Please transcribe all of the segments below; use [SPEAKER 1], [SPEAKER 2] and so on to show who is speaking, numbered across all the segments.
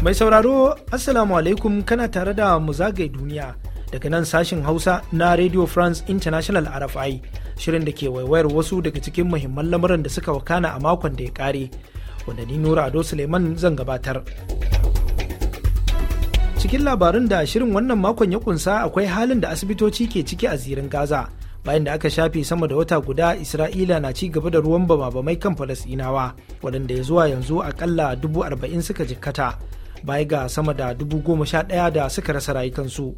[SPEAKER 1] Mai sauraro, Assalamu alaikum kana tare da mu zagaye duniya daga nan sashin Hausa na Radio France International RFI, shirin da ke waiwayar wasu daga cikin muhimman lamuran da suka wakana a makon da ya kare, wanda ni Nura Ado Suleiman zan gabatar. Cikin labarin da shirin wannan makon ya kunsa akwai halin da asibitoci ke ciki a zirin Gaza. bayan da aka shafe sama da wata guda isra'ila na ci gaba da ruwan bama-bamai kan falasɗinawa waɗanda ya zuwa yanzu akalla dubu arba'in suka jikkata baya ga sama da dubu goma sha ɗaya da suka rasa rayukansu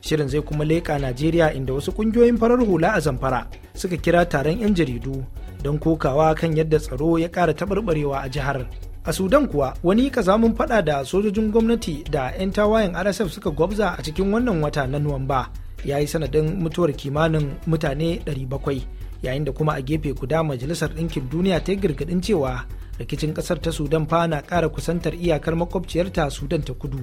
[SPEAKER 1] shirin zai kuma leƙa najeriya inda wasu ƙungiyoyin farar hula a zamfara suka kira taron 'yan jaridu don kokawa kan yadda tsaro ya ƙara taɓarɓarewa a jihar a sudan kuwa wani kazamin faɗa da sojojin gwamnati da 'yan tawayen rsf suka gwabza a cikin wannan wata na nuwamba ya yi sanadin mutuwar kimanin mutane 700 yayin da kuma a gefe guda majalisar ɗinkin duniya ta yi gargaɗin cewa rikicin kasar ta sudan fa na ƙara kusantar iyakar makwabciyarta sudan ta kudu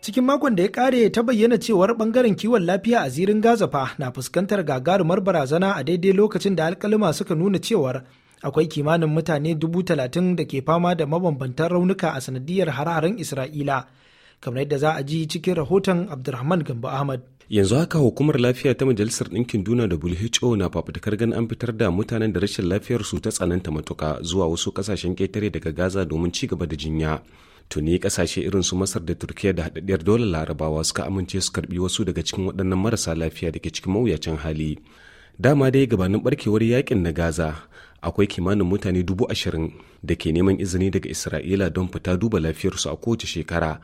[SPEAKER 1] cikin makon da ya kare ta bayyana cewar bangaren kiwon lafiya a zirin gaza fa na fuskantar gagarumar barazana a daidai lokacin da alkalima suka nuna cewar akwai kimanin mutane dubu talatin da ke fama da mabambantan raunuka a sanadiyar hararen isra'ila kamar yadda za a ji cikin rahoton abdulrahman gambo ahmad
[SPEAKER 2] yanzu haka hukumar lafiya ta majalisar ɗinkin duniya who na fafutukar gan an fitar da mutanen da rashin lafiyar su ta tsananta matuka zuwa wasu ƙasashen ƙetare daga gaza domin ci gaba da jinya tuni ƙasashe irin su masar da turkiya da haɗaɗɗiyar dole larabawa suka amince su karbi wasu daga cikin waɗannan marasa lafiya da ke cikin mawuyacin hali dama dai gabanin barkewar yakin na gaza akwai kimanin mutane dubu ashirin da ke neman izini daga isra'ila don fita duba lafiyarsu a kowace shekara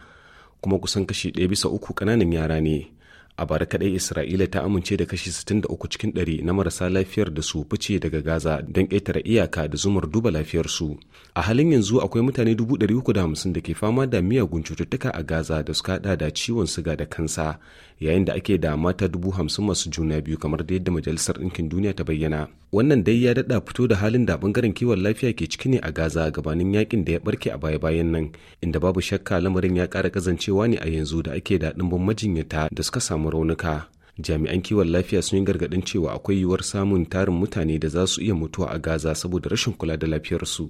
[SPEAKER 2] kuma kusan kashi ɗaya bisa uku ƙananan yara ne a bara kadai isra'ila ta amince da kashi 63 cikin 100 na marasa lafiyar da su fice daga gaza don ƙetare iyaka da zumar duba lafiyarsu a halin yanzu akwai mutane 350 da ke fama da miyagun cututtuka a gaza da suka hada da ciwon suga da kansa yayin da ake da mata 50 masu juna biyu kamar da yadda majalisar ɗinkin duniya ta bayyana wannan dai ya dada fito da halin da bangaren kiwon lafiya ke ciki ne a gaza gabanin yakin da ya barke a baya-bayan nan inda babu shakka lamarin ya kara kazancewa ne a yanzu da ake da ɗimbin majinyata da suka samu samu raunuka jami'an kiwon lafiya sun yi gargaɗin cewa akwai yiwuwar samun tarin mutane da za su iya mutuwa a gaza saboda rashin kula da lafiyarsu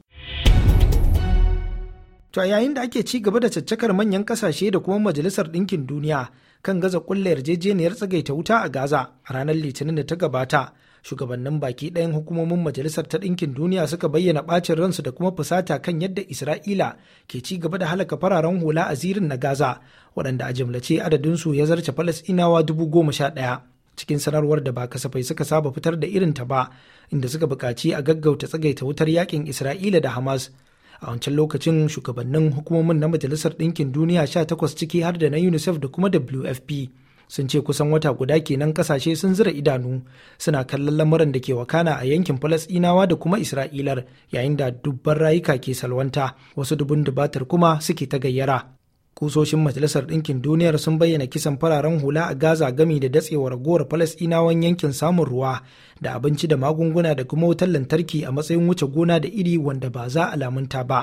[SPEAKER 1] to a yayin da ake ci gaba da caccakar manyan kasashe da kuma majalisar ɗinkin duniya kan gaza kulla yarjejeniyar tsagaita wuta a gaza a ranar litinin da ta gabata shugabannin baki ɗayan hukumomin majalisar ta ɗinkin duniya suka bayyana ɓacin ransu da kuma fusata kan yadda isra'ila ke ci gaba da halaka fararen hula a zirin na gaza waɗanda a jimlace adadinsu ya zarce falasɗinawa dubu goma sha ɗaya cikin sanarwar da ba kasafai suka saba fitar da irin ta ba inda suka buƙaci a gaggauta tsagaita wutar yakin isra'ila da hamas a wancan lokacin shugabannin hukumomin na majalisar ɗinkin duniya sha takwas ciki har da na unicef da kuma wfp sun ce kusan wata guda kenan kasashe sun zira idanu suna kallon lamuran da ke wakana a yankin falasɗinawa da kuma isra'ilar yayin da dubban rayuka ke salwanta wasu dubun dubatar kuma suke ta gayyara kusoshin majalisar ɗinkin duniyar sun bayyana kisan fararen hula a gaza gami da datsewar ragowar falasɗinawan yankin samun ruwa da abinci da magunguna da kuma wutar lantarki a matsayin wuce gona da iri wanda ba za a lamunta ba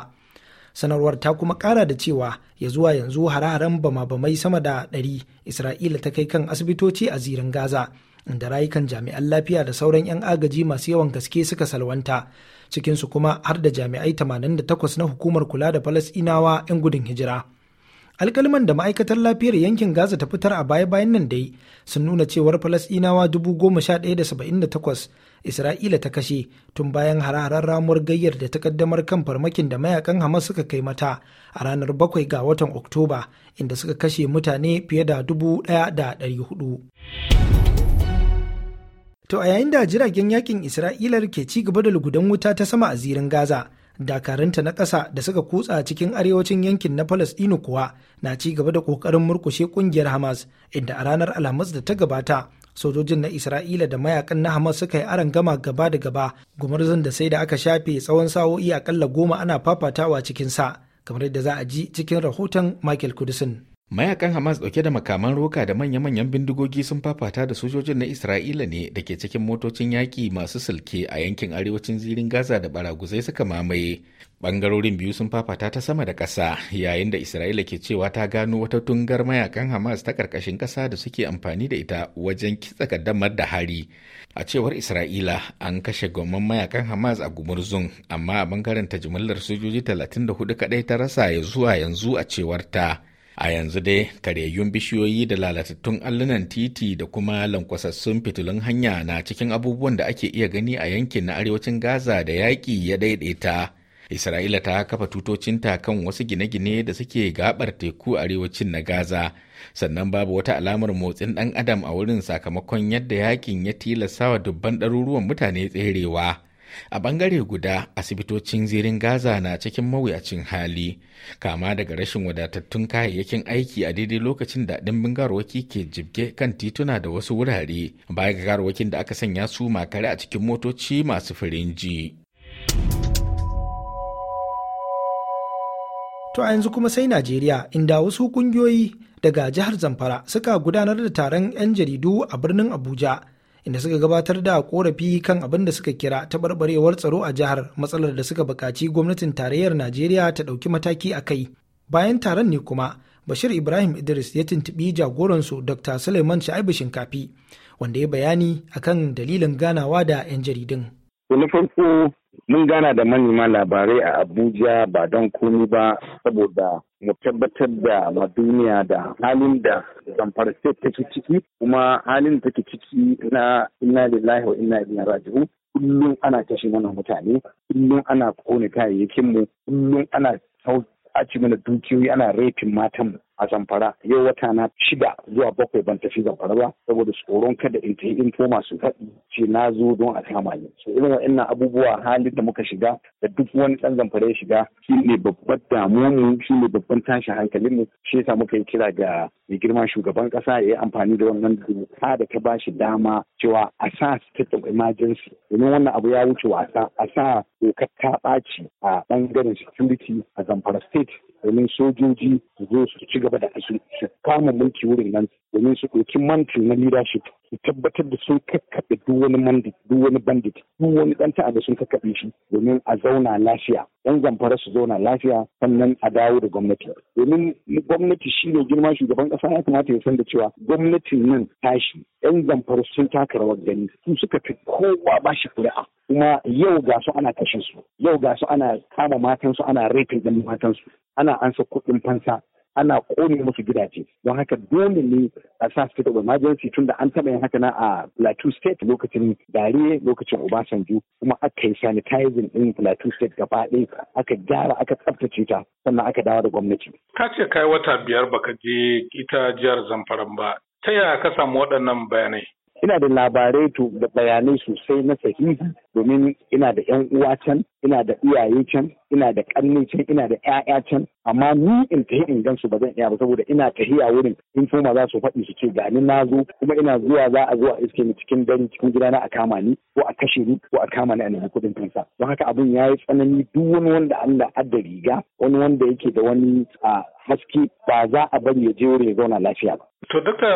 [SPEAKER 1] sanarwar ta kuma kara da cewa ya zuwa yanzu hare-haren bama-bamai sama da 100 isra'ila ta kai kan asibitoci a zirin gaza inda rayukan jami'an lafiya da sauran 'yan agaji masu yawan gaske suka salwanta cikinsu kuma har da jami'ai 88 na hukumar kula da falasinawa 'yan gudun hijira alkaliman da ma'aikatar lafiyar yankin gaza ta fitar a baya-bayan nan dai sun nuna cewar falasinawa isra'ila ta kashe tun bayan hararren ramuwar gayyar da ta kaddamar kan farmakin da mayakan hamas suka kai mata a ranar 7 ga watan oktoba inda suka kashe mutane fiye da dubu da 1,400 To a yayin da jiragen yakin isra'ila ke ci gaba da lugudan wuta ta sama a zirin Gaza, dakaranta na ƙasa da suka kutsa cikin arewacin yankin na Falasɗinu kuwa na ci gaba da ƙoƙarin murƙushe ƙungiyar Hamas, inda a ranar Alhamis da ta gabata sojojin na isra'ila da mayakan na hamas suka yi aron gama gaba da gaba gumurzun da sai da aka shafe tsawon sa'o'i akalla goma ana fafatawa cikin sa kamar yadda za a ji cikin rahoton michael kudusin
[SPEAKER 3] mayakan hamas dauke da makaman roka da manya-manyan bindigogi sun fafata da sojojin na isra'ila ne da ke cikin motocin yaƙi masu silke a yankin arewacin zirin gaza da baraguzai suka mamaye bangarorin biyu sun fafata ta sama da ƙasa yayin da isra'ila ke cewa ta gano wata tungar mayakan hamas ta ƙarƙashin ƙasa da suke amfani da ita wajen kitsa kaddamar da hari a cewar isra'ila an kashe gwamman mayakan hamas a gumurzun amma a bangaren ta jimillar sojoji talatin da hudu kaɗai ta rasa ya zuwa yanzu a cewar ta A yanzu dai karyayyun bishiyoyi da lalatattun allunan titi da kuma lankwasassun fitilun hanya na cikin abubuwan da ake iya gani a yankin na arewacin Gaza da yaƙi ya daidaita. Isra'ila ta kafa tutocinta kan wasu gine-gine da suke gabar teku arewacin na Gaza, sannan babu wata alamar motsin ɗan adam a wurin sakamakon yadda yakin ya tilasta wa dubban ɗaruruwan mutane tserewa. a bangare guda asibitocin zirin gaza na cikin mawuyacin hali kama daga rashin wadatattun kayayyakin aiki a daidai lokacin da ɗimbin garwaki ke jibge kan tituna da wasu wurare baya ga garwakin da aka sanya su makare a cikin motoci masu firinji
[SPEAKER 1] To a yanzu kuma sai Najeriya inda wasu kungiyoyi daga jihar Zamfara suka gudanar da taron 'yan jaridu a birnin Abuja inda suka gabatar da korafi kan abin da suka kira taɓarɓarewar tsaro a jihar matsalar da suka buƙaci gwamnatin tarayyar najeriya ta ɗauki mataki a kai bayan taron ne kuma bashir ibrahim idris ya tuntuɓi jagoransu dr suleiman sha'ibu shinkafi wanda ya bayani akan dalilin ganawa da 'yan jaridun
[SPEAKER 4] To na farko mun gana da manema labarai a Abuja ba don komi ba saboda mu tabbatar da ma duniya da halin da zamfara state take ciki kuma halin da take ciki na inna lillahi wa inna ilaihi raji'un kullum ana kashe mana mutane kullum ana kone kayayyakin mu kullum ana sauki mana dukiyoyi ana rafin matan mu a zamfara yau wata na shida zuwa bakwai ban tafi zamfara ba saboda tsoron kada in tafi in koma su faɗi ce na zo don a kama ni so irin waɗannan abubuwa halin da muka shiga da duk wani ɗan zamfara ya shiga shi ne babban damuwa mu shi ne babban tashin hankalin mu shi yasa muka yi kira ga mai girma shugaban ƙasa ya yi amfani da wannan doka da ta ba shi dama cewa a sa state of emergency domin wannan abu ya wuce wasa a sa dokar ta ɓaci a ɓangaren security a zamfara state domin sojoji su zo su ci gaba da su su kama mulki wurin nan domin su ɗauki mantin na leadership su tabbatar da sun kakkaɓe duk wani mandit duk wani bandit duk wani ɗan ta'adda sun kakkaɓe shi domin a zauna lafiya ɗan zamfara su zauna lafiya sannan a dawo da gwamnati domin gwamnati shi ne girma shugaban ƙasa ya kamata ya san da cewa gwamnatin nan tashi ɗan zamfara sun taka rawar gani su suka fi kowa ba shi kuri'a kuma yau ga su ana kashe su yau ga su ana kama matansu ana raifin ɗin matansu ana ansa kuɗin fansa ana kone musu gidaje don haka dole ne a sa su da emergency tun da an taɓa yin haka na a plateau state lokacin dare lokacin obasanjo kuma aka yi sanitizing ɗin plateau state gaba ɗaya aka gyara aka tsaftace ta sannan aka dawo da gwamnati.
[SPEAKER 5] ka ce kai wata biyar baka je ita jihar zamfara ba ta yaya ka samu waɗannan bayanai
[SPEAKER 4] ina da labarai to da bayanai sosai na sahihi domin ina da yan uwa can ina da iyaye can ina da kanne can ina da ƴaƴa can amma ni in tahi in gansu ba zan iya ba saboda ina tahiya wurin in ma za su faɗi su ce ga ni na zo kuma ina zuwa za a zo a iske ni cikin dare cikin gidana a kama ni ko a kashe ni ko a kama ni a nemi kuɗin kansa don haka abin ya yi tsanani duk wani wanda Allah adda riga wani wanda yake da wani ah, haske ba za a bari ya je wurin ya zauna lafiya ba
[SPEAKER 5] To duka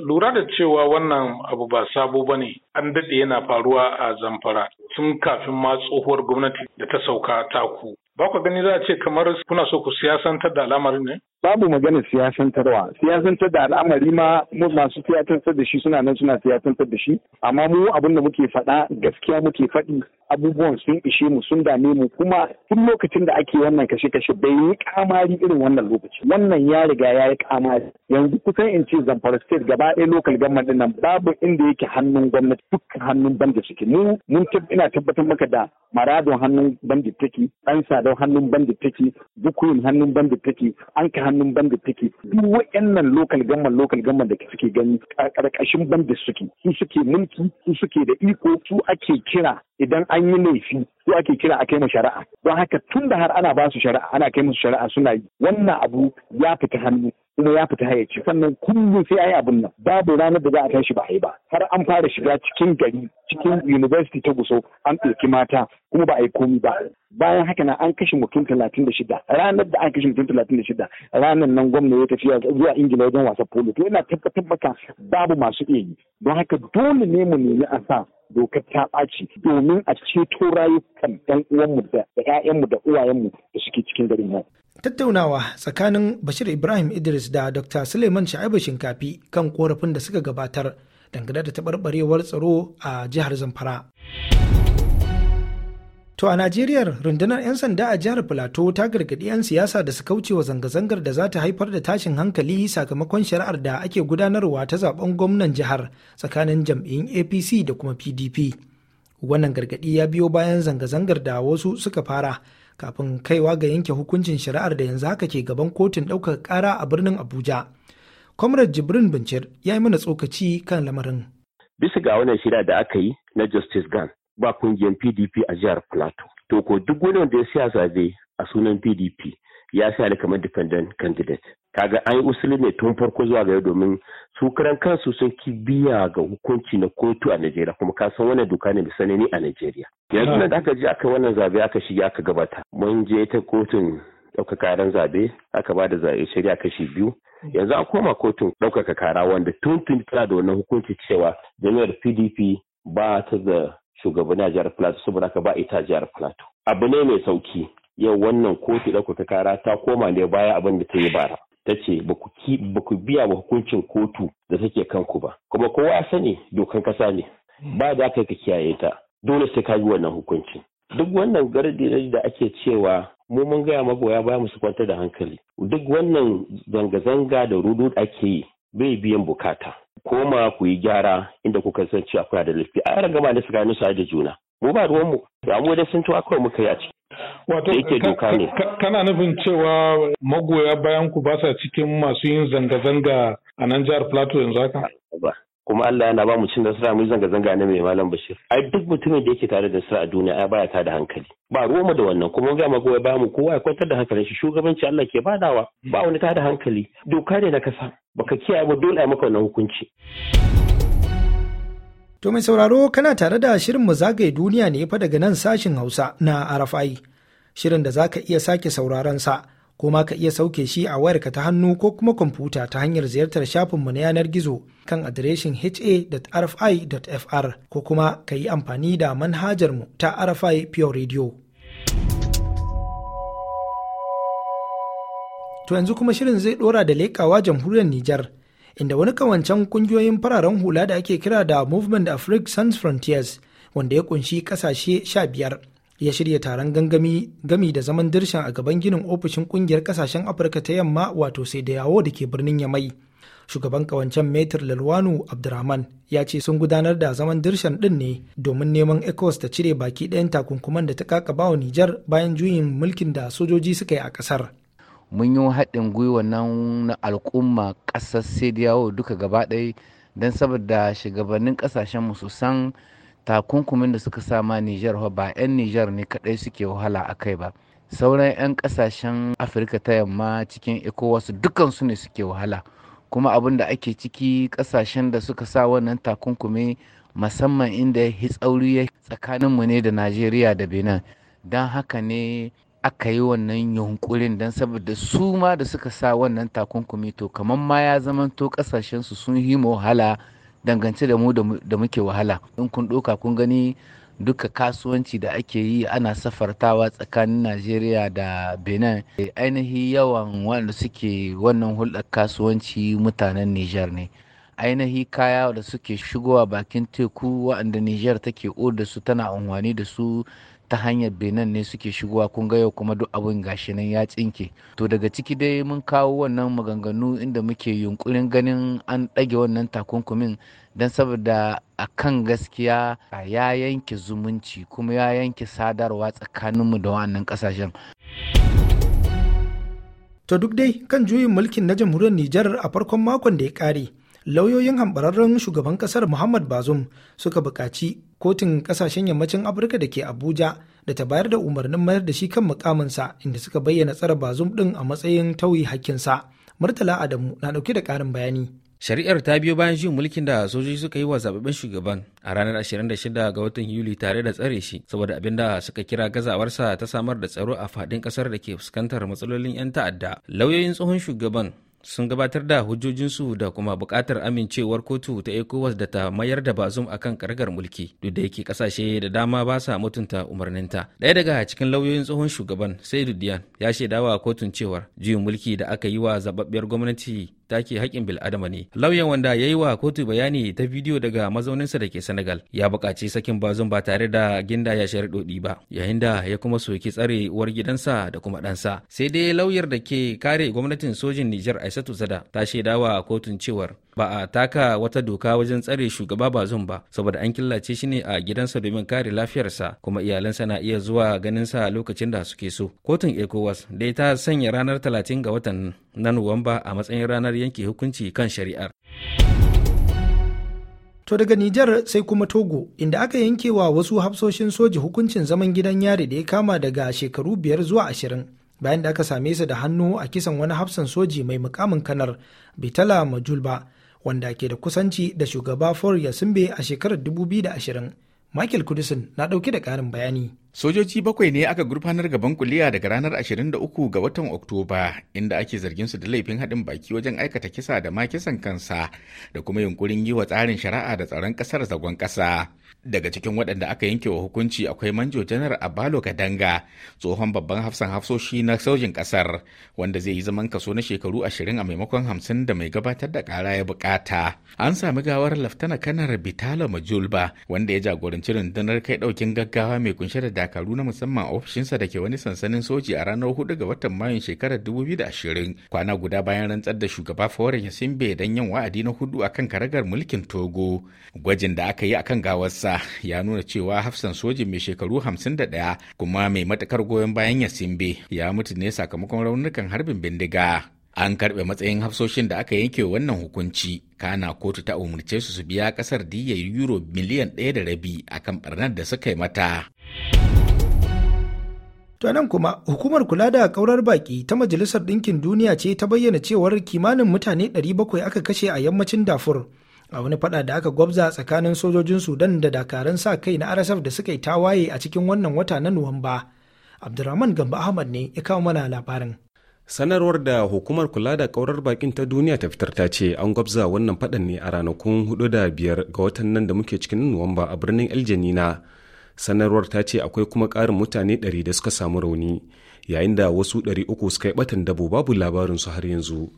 [SPEAKER 5] lura da cewa wannan abu ba sabo ba ne an daɗe yana faruwa a zamfara tun kafin ma tsohuwar gwamnati da ta sauka taku ba ku gani za a ce kamar kuna so ku siyasantar da al'amarin ne?
[SPEAKER 4] Babu magana siyasantarwa. Siyasantar da al'amari ma masu siyasantar da shi suna nan suna siyasantar da shi. Amma mu abin da muke faɗa gaskiya muke faɗi abubuwan sun ishe mu sun dame mu kuma tun lokacin da ake wannan kashe-kashe bai yi kamari irin wannan lokaci. Wannan ya riga ya yi kamari. Yanzu kusan in ce Zamfara State gaba ɗaya lokal government ɗin nan babu inda yake hannun gwamnati dukkan hannun banda suke. Mu mun ina tabbatar maka da maradon hannun banda take ɗan sada Sokoto hannun bandit take, Bukuyin hannun bandit take, Anka hannun bandit take. Duk wayannan local gamman local gamman da suke gani ƙarƙashin bandit suke. Su suke mulki, su suke da iko, su ake kira idan an yi laifi su ake kira a kai mu shari'a don haka tun da har ana ba su shari'a ana kai musu shari'a suna yi wannan abu ya fita hannu kuma ya fita hayyaci sannan kullum sai ayi abin nan babu ranar da za a tashi ba a yi ba har an fara shiga cikin gari cikin university ta guso an ɗauki mata kuma ba a yi komi ba bayan haka na an kashe mutum talatin da shida ranar da an kashe mutum talatin da shida ranar nan gwamna ya tafiya zuwa ingila wajen wasan polo to yana tabbatar maka babu masu iya yi don haka dole ne mu nemi a sa dokar ta ɓaci domin a ceto rayukan ɗan uwanmu da 'ya'yanmu da uwayenmu da suke cikin garin
[SPEAKER 1] nan. Tattaunawa tsakanin Bashir Ibrahim Idris da Dr. Suleiman Sha'ibu Shinkafi kan korafin da suka gabatar dangane da taɓarɓarewar tsaro a jihar Zamfara. To a Najeriya rundunar 'yan sanda a jihar Filato ta gargaɗi 'yan siyasa da su kauce wa zanga-zangar da za ta haifar da tashin hankali sakamakon shari'ar da ake gudanarwa ta zaben gwamnan jihar tsakanin jam'iyyun APC da kuma PDP. Wannan gargaɗi ya biyo bayan zanga-zangar da wasu suka fara kafin kaiwa ga yanke hukuncin shari'ar da yanzu haka ke gaban kotun ɗaukar ƙara a birnin Abuja. Comrade Jibrin Bincir ya yi mana tsokaci kan lamarin.
[SPEAKER 5] Bisa ga wannan shirya da aka yi na Justice Gan ba kungiyar PDP a jihar Plateau. To ko duk wani wanda ya siyasa dai a sunan PDP ya sa ni kamar dependent candidate kaga an yi usuli ne tun farko zuwa gari domin su karan kansu sun ki biya ga hukunci na kotu a Najeriya kuma ka san wannan doka ne misali ni a Najeriya yanzu da aka je aka wannan zabe aka shiga aka gabata mun je ta kotun ɗaukaka karan zabe aka ba da zabe shari'a kashi biyu yanzu an koma kotun ɗaukaka kara wanda tun tun tana da wannan hukunci cewa jami'ar PDP ba ta da shugabanni a jihar Plateau saboda ka ba ita jihar Plateau abu ne mai sauki yau wannan kotu ɗauka ta kara ta koma ne baya abin da ta yi bara ta ce ba ku biya ba hukuncin kotu da take kanku ba kuma kowa sani dokan kasa ne ba da yi ka kiyaye ta dole sai ka bi wannan hukuncin duk wannan gardi da ake cewa mu mun gaya magoya baya musu kwantar da hankali duk wannan zanga-zanga da rudu ake yi bai biyan bukata koma ku yi gyara inda kuka san cewa kuna da laifi a ragama da tsakanin su da juna mu ba ruwan mu da mu da sun tuwa kawai muka yi a ciki Wato, kana nufin cewa magoya bayan ku ba sa cikin masu yin zanga-zanga a nan jihar Plateau yanzu haka? kuma Allah yana ba mu cin nasara mu zanga-zanga na mai malam Bashir. Ai duk mutumin da yake tare da nasara a duniya ai baya tada hankali. Ba mu da wannan kuma ga magoya ba mu kowa ya kwantar da hankalin shi shugabanci Allah ke badawa ba wani da hankali doka ne na kasa baka kiyaye ba dole ai maka wannan hukunci.
[SPEAKER 1] To mai sauraro kana tare da shirin mu zagaye duniya ne fa daga nan sashin Hausa na Arafai. Shirin da za ka iya sake sauraron sa, ko ma ka iya sauke shi a wayarka ta hannu ko kuma kwamfuta ta hanyar ziyartar shafinmu na yanar gizo kan adireshin ha.rfi.fr ko kuma ka yi amfani da manhajar mu ta Arafai Pure Radio. To yanzu kuma shirin zai dora da leƙawa jamhuriyar Nijar. inda wani kawancen kungiyoyin fararen hula da ake kira da movement afrique sans frontiers wanda ya kunshi kasashe 15, ya shirya taron gangami gami da zaman dirshan a gaban ginin ofishin kungiyar kasashen afirka ta yamma wato sai da yawo da ke birnin yamai shugaban kawancen metir lalwanu abdurrahman ya ce sun gudanar da zaman dirshan din ne domin neman ecos ta cire baki ɗayan takunkuman da ta kakaba wa nijar bayan juyin mulkin da sojoji suka yi a ƙasar
[SPEAKER 6] mun yi haɗin gwiwa nan na al'umma ƙasar sediyawo duka gaba ɗaya don saboda shugabannin ƙasashenmu su san takunkumin da suka sama nijar ba 'yan nijar ne kaɗai suke wahala a kai ba sauran 'yan ƙasashen afirka ta yamma cikin ecowas dukansu ne suke wahala kuma abin da ake ciki ƙasashen da suka sa wannan takunkumi musamman inda ya tsakanin tsakaninmu ne da najeriya da benin don haka ne aka yi wannan yunkurin don saboda su ma da suka sa wannan takunkumi to kamar ma ya zamanto kasashensu sun yi wahala dangance da mu da muke wahala in kun ɗoka kun gani duka kasuwanci da ake yi ana safartawa tsakanin najeriya da benin eh, ainihi yawan wanda suke wannan hulɗar kasuwanci mutanen Nijar ne ainihi kaya da suke shigowa bakin teku waɗanda niger take da su tana amfani da su ta hanyar benin ne suke shigowa kun ga yau kuma duk abin gashi nan ya tsinke to daga ciki dai mun kawo wannan maganganu inda muke yunkurin ganin an ɗage wannan takunkumin don saboda a kan gaskiya ya yanke zumunci kuma ya yanke sadarwa tsakaninmu da wannan ƙasashen.
[SPEAKER 1] To duk dai kan juyin mulkin na jamhuriyar Nijar a farkon makon da ya kare, lauyoyin hambararren shugaban kasar Muhammad Bazum suka buƙaci kotun kasashen yammacin afirka da ke abuja da ta bayar da umarnin mayar da shi kan mukaminsa inda suka bayyana tsara bazum din a matsayin tauyi hakkinsa murtala adamu na dauke da karin bayani shari'ar
[SPEAKER 7] ta biyo bayan jin mulkin da sojoji suka yi wa zababben shugaban a ranar 26 ga watan yuli tare da tsare shi saboda abin da suka kira gazawarsa ta samar da tsaro a fadin kasar da ke fuskantar matsalolin 'yan ta'adda lauyoyin tsohon shugaban sun gabatar da hujjojinsu da kuma buƙatar amincewar kotu ta ecowas da ta mayar da bazum akan ƙarƙar mulki duk da yake ƙasashe da dama ba sa mutunta umarninta ɗaya daga cikin lauyoyin tsohon shugaban sai diyan ya shaidawa kotun cewar juyin mulki da aka yi wa zababbiyar gwamnati take haƙƙin bil'adama ne lauyan wanda ya yi wa kotu bayani ta bidiyo daga mazauninsa da ke senegal ya buƙaci sakin bazon ba tare da ginda ya doɗi ba yayin da ya kuma soki tsare uwar gidansa da kuma ɗansa sai dai lauyar da ke kare gwamnatin sojin nijar aisatu sada ta shaida wa kotun cewar ba a taka wata doka wajen tsare shugaba bazon ba saboda an killace shi ne a gidansa domin kare lafiyarsa kuma iyalansa na iya zuwa ganin sa lokacin da suke so kotun ecowas dai ta sanya ranar 30 ga watan na nuwamba a matsayin ranar ranar yanke hukunci kan shari'ar.
[SPEAKER 1] To daga Nijar sai kuma Togo inda aka yanke wa wasu hafsoshin soji hukuncin zaman gidan yari da ya kama daga shekaru biyar zuwa ashirin bayan da aka same su da hannu a kisan wani hafsan soji mai mukamin kanar Bitala Majulba wanda ke da kusanci da shugaba Faure Yasimbe a shekarar 2020. Michael Kudisin na ɗauke da ƙarin bayani.
[SPEAKER 3] Sojoji bakwai ne aka gurfanar gaban kuliya daga ranar 23 ga watan Oktoba inda ake zargin su da laifin haɗin baki wajen aikata kisa da ma kisan kansa da kuma yunkurin yi wa tsarin shari'a da tsaron ƙasar zagon ƙasa. Daga cikin waɗanda aka yanke wa hukunci akwai manjo janar Abalo Kadanga tsohon babban hafsan hafsoshi na sojin ƙasar wanda zai yi zaman kaso na shekaru ashirin a maimakon hamsin da mai gabatar da ƙara ya bukata. An sami gawar laftana kanar Bitala Majulba wanda ya jagoranci rundunar kai ɗaukin gaggawa mai kunshe da dakaru na musamman a ofishinsa da ke wani sansanin soji a ranar 4 ga watan Mayun shekarar 2020 kwana guda bayan rantsar da shugaba Faure Yasimbe don yin wa'adi na hudu a kan karagar mulkin Togo. Gwajin da aka yi a kan gawarsa ya nuna cewa hafsan sojin mai shekaru 51 kuma mai matakar goyon bayan Yasimbe ya mutu ne sakamakon raunukan harbin bindiga. an karbe matsayin hafsoshin da aka yanke wannan hukunci kana kotu ta umarce su su biya kasar diyar euro miliyan ɗaya da rabi akan barnar da suka yi
[SPEAKER 1] mata To nan kuma hukumar kula da kaurar baki ta Majalisar Ɗinkin Duniya ce ta bayyana cewar kimanin mutane 700 aka kashe a yammacin Dafur a wani fada da aka gwabza tsakanin sojojin Sudan da dakaran sa kai na RSF da suka yi tawaye a cikin wannan wata na Nuwamba. abdulrahman Gamba Ahmad ne ya kawo mana labarin.
[SPEAKER 2] sanarwar da hukumar kula da kaurar bakin ta duniya ta fitar ta ce an gwabza wannan fadan ne a ranakun hudu da biyar ga watan nan da muke cikin nuwamba a birnin aljanina sanarwar ta ce akwai kuma karin mutane 100 da suka samu rauni yayin da wasu 300 suka yi batan dabo babu labarin su har yanzu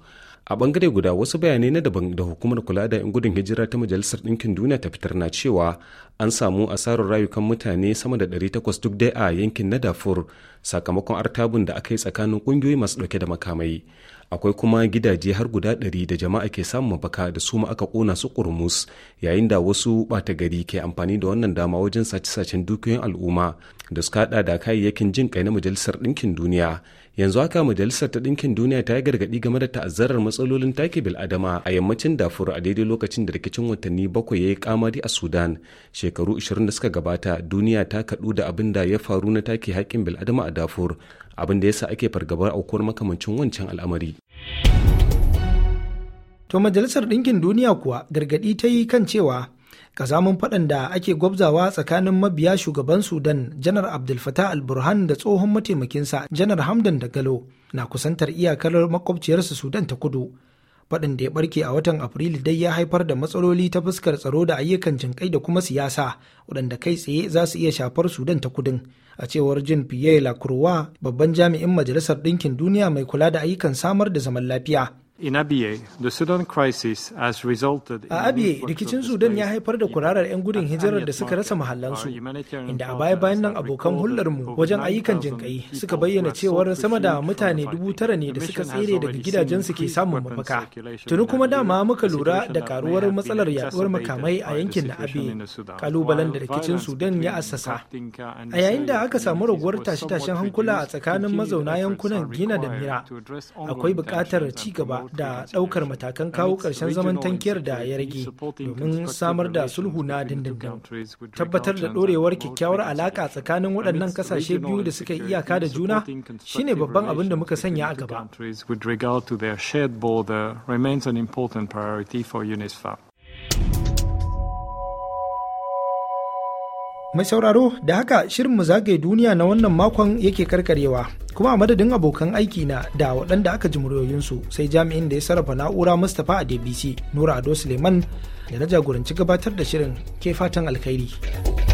[SPEAKER 2] a bangare guda wasu bayanai na daban da hukumar kula da 'yan gudun hijira ta majalisar ɗinkin duniya ta fitar na cewa an samu asarar rayukan mutane sama da 800 duk dai a yankin na dafur sakamakon artabun da aka yi tsakanin ƙungiyoyi masu ɗauke da makamai akwai kuma gidaje har guda 100 da jama'a ke samun mafaka da su ma aka ƙona su ƙurmus yayin da wasu ɓata gari ke amfani da wannan dama wajen sace-sacen dukiyoyin al'umma da suka haɗa da kayayyakin jin kai na majalisar ɗinkin duniya yanzu haka majalisar ta ɗinkin duniya ta yi gargaɗi game da ta'azzarar matsalolin taki bil'adama a yammacin dafur a daidai lokacin da rikicin watanni bakwai ya yi kamari a sudan shekaru 20 da suka gabata duniya ta kaɗu da abin da ya faru na take haƙƙin bil'adama a dafur abin da yasa ake fargabar aukuwar makamancin wancan al'amari
[SPEAKER 1] to majalisar ɗinkin duniya kuwa gargaɗi ta yi kan cewa kazamin faɗan da ake gwabzawa tsakanin mabiya shugaban sudan janar abdul Fattah al-burhan da tsohon mataimakinsa janar hamdan da galo na kusantar iyakar makwabciyarsa sudan ta kudu faɗin da ya barke a watan afrilu dai ya haifar da matsaloli ta fuskar tsaro da ayyukan jinkai da kuma siyasa waɗanda kai tsaye za su iya shafar sudan ta kudin a cewar jin pierre lacroix babban jami'in majalisar ɗinkin duniya mai kula da ayyukan samar da zaman lafiya
[SPEAKER 2] A Abiye,
[SPEAKER 1] rikicin Sudan ya haifar da kurarar 'yan gudun hijirar da suka rasa mahallansu, inda a baya-bayan nan abokan hularmu wajen ayyukan jinƙai suka bayyana cewar sama da mutane dubu tara ne da suka tsere daga gidajensu ke samun mafaka. Tuni kuma dama muka lura da karuwar matsalar yaduwar makamai a yankin na Abiye, kalubalen da rikicin Sudan ya assasa. A yayin da aka samu raguwar tashe-tashen hankula a tsakanin mazauna yankunan Gina da Mira, akwai buƙatar ci gaba da ɗaukar matakan kawo ƙarshen zaman tankiyar da ya rage domin samar da sulhu na dindindin tabbatar da ɗorewar kyakkyawar alaƙa tsakanin waɗannan ƙasashe biyu da suka iyaka da juna shine babban abin da muka sanya a gaba Mai sauraro da haka shirin mu zagaye duniya na wannan makon yake karkarewa kuma a madadin abokan aiki na da waɗanda aka ji muryoyinsu sai jami'in da ya sarrafa na'ura mustapha a dbc nura ado suleiman da na jagoranci gabatar da shirin ke fatan alkhairi.